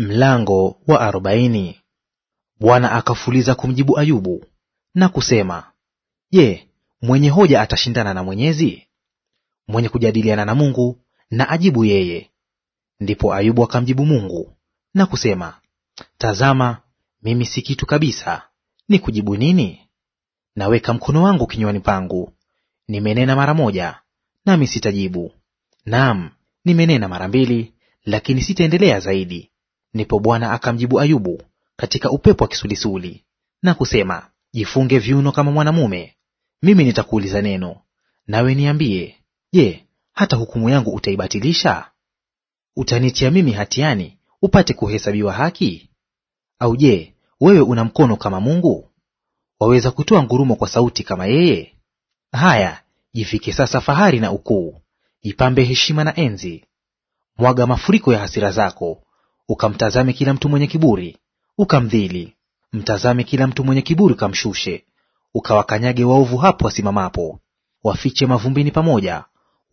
Mlango wa arobaini. Bwana akafuliza kumjibu Ayubu na kusema, Je, mwenye hoja atashindana na Mwenyezi? Mwenye kujadiliana na Mungu na ajibu yeye. Ndipo Ayubu akamjibu Mungu na kusema, Tazama, mimi si kitu kabisa, ni kujibu nini? Naweka mkono wangu kinywani pangu, nimenena mara moja, nami sitajibu; naam, nimenena mara mbili, lakini sitaendelea zaidi Ndipo Bwana akamjibu Ayubu katika upepo wa kisulisuli na kusema, jifunge viuno kama mwanamume, mimi nitakuuliza neno, nawe niambie, je, hata hukumu yangu utaibatilisha? Utanitia mimi hatiani upate kuhesabiwa haki? Au je, wewe una mkono kama Mungu? Waweza kutoa ngurumo kwa sauti kama yeye? Haya, jifike sasa fahari na ukuu, jipambe heshima na enzi. Mwaga mafuriko ya hasira zako ukamtazame kila mtu mwenye kiburi ukamdhili; mtazame kila mtu mwenye kiburi ukamshushe, ukawakanyage waovu hapo wasimamapo, wafiche mavumbini pamoja,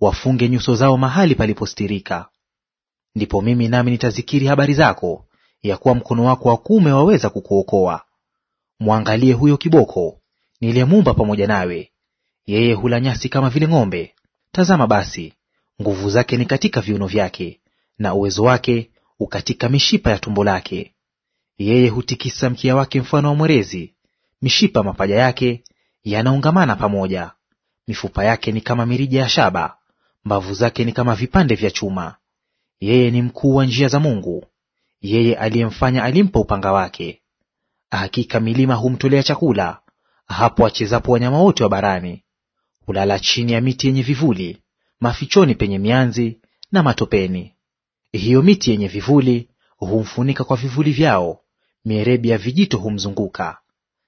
wafunge nyuso zao mahali palipostirika. Ndipo mimi nami nitazikiri habari zako, ya kuwa mkono wako wa kuume waweza kukuokoa. Mwangalie huyo kiboko niliyemumba pamoja nawe, yeye hula nyasi kama vile ng'ombe. Tazama basi, nguvu zake ni katika viuno vyake, na uwezo wake ukatika mishipa ya tumbo lake. Yeye hutikisa mkia wake mfano wa mwerezi, mishipa mapaja yake yanaungamana pamoja. Mifupa yake ni kama mirija ya shaba, mbavu zake ni kama vipande vya chuma. Yeye ni mkuu wa njia za Mungu, yeye aliyemfanya alimpa upanga wake. Hakika milima humtolea chakula, hapo achezapo wanyama wote wa barani. Hulala chini ya miti yenye vivuli, mafichoni penye mianzi na matopeni. Hiyo miti yenye vivuli humfunika kwa vivuli vyao, mierebi ya vijito humzunguka.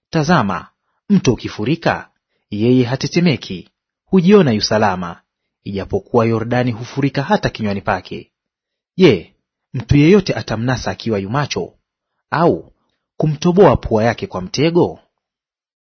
Tazama, mto ukifurika, yeye hatetemeki, hujiona yusalama ijapokuwa Yordani hufurika hata kinywani pake. Je, mtu yeyote atamnasa akiwa yumacho au kumtoboa pua yake kwa mtego?